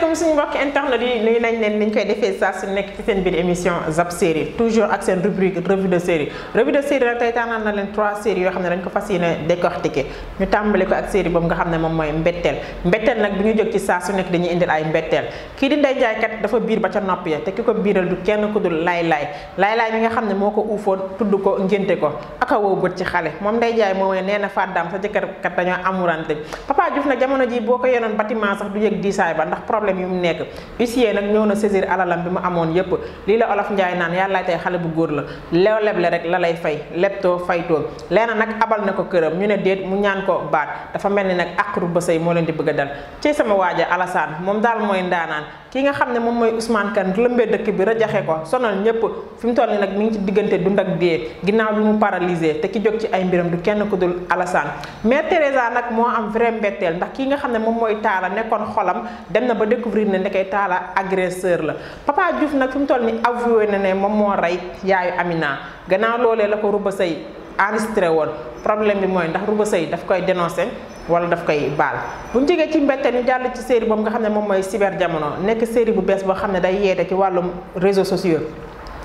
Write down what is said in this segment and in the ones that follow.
alaykum suñu mbokk internet yi nuyu nañ leen niñ koy defee saa su nekk ci seen bi émission Zap série toujours ak seen rubrique revue de série revue de série nag tey tànnal na leen trois séries yo xamné dañ ko fas décortiquer ñu tambalé ko ak série bam nga xamné mom moy mbettel mbettel nak bu ñu jog ci saa su nekk dañuy indil ay mbettel ki di nday jaay kat dafa biir ba ca nopp ya té kiko biiral du kenn ku dul lay lay lay lay mi nga xamné moko moo tuddu ko ngenté ko aka wo bët ci xalé mom nday jaay moomee nee néna fàddaam sa jëkkat kat dañoo amurante Papa Diouf na jamono ji boko ko bâtiment sax du yëg diisaay ba ndax problème problème yu mu nekk huissier nak ñëw na saisir alalam bima amone yépp li la olaf ndjay naan yalla tay xalé bu goor la lew le rek la lay fay lebtoo faytoo leena nak abal nako kërëm ñu ne deet mu ñaan ko baat dafa melni nak akru àqru bësay moo leen di bëgg dal ci sama waja Alassane mom dal moy ndaanaan ki nga xamne mom moy Ousmane kan lembe dekk bi jaxé ko sonal ñëpp fi tolni nak mi ngi ci diggante du ndak dee ginnaw bi mu paralyser te ki jog ci ay mbiram du kenn ku dul Alassane mais Teresa nak mo am vrai mbettel ndax ki nga xamne mom moy taala xolam dem na ba découvrir ne ndekay taala agresseur la Papa Diouf nag fi mu toll ni avoué na ne moom moo rey yaayu Amina gannaaw loolee la ko Rouba Seye enregistré woon problème bi mooy ndax Rouba say daf koy dénoncé wala daf koy baal bu ñu jógee ci mbette ñu jàll ci série boobu nga xam ne moom mooy cyber jamono nekk série bu bees boo xam ne day yeete ci wàllu réseaux sociaux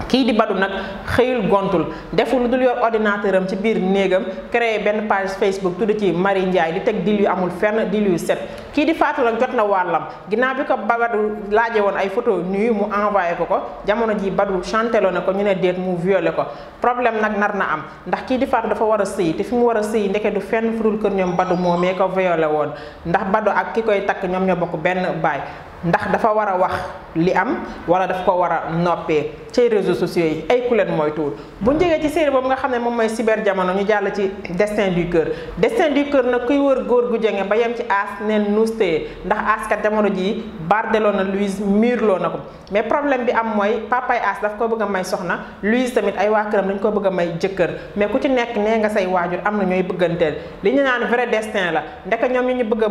kii di Badou nag xëyul gontul deful lu dul yor ordinateur am ci biir néegam créé benn page Facebook tudd ci Marie Ndiaye di teg dil yu amul fenn dil yu set kii di Fatou nag jot na wàllam ginnaaw bi ko Badou laaje woon ay photo nuyu mu envoyé ko ko jamono ji Badou chanteloo ne ko ñu ne déet mu viole ko problème nag nar na am ndax kii di Fatou dafa war a sëy te fi mu war a sëy ndeke du fenn fu dul kër ñoom moo moomee ko violé woon ndax Badou ak ki koy takk ñoom ñoo bokk benn baay ndax dafa war a wax li am wala daf ko war a noppee ci réseaux sociaux yi ay ku leen tuut bu ñu jógee ci série boobu nga xam ne moom mooy cyber jamono ñu jàll ci destin du cœur destin du kër nag kuy wër góor gu jege ba yem ci aas neen nuus téye ndax aas kat jamono jii bardeloo na Louise miirloo na ko mais problème bi am mooy papay aas daf ko bëgg a may soxna Louise tamit ay waa këram dañ ko bëgg a may jëkkër mais ku ci nekk nee nga say waajur am na ñooy bëgganteel li ñu naan destin la ndeka ñoom ñu ñu bëgg a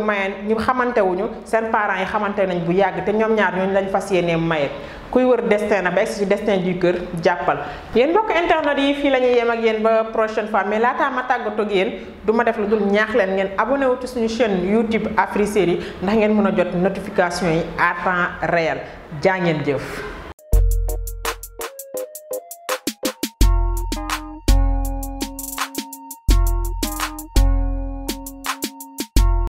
ñu yàgg te ñoom ñaar ñooñu lañ fas yéenee maye kuy wër destin na ba egsi ci destin du cœur jàppal yéen mbokk internet yi fii la ñuy yem ak yéen ba prochaine fois mais laataa ma tàggatoo ak yéen du ma def lu dul ñaax ngeen abonné ci suñu chaîne YouTube Afriseries ndax ngeen mën a jot notification yi à temps jaa ngeen jëf.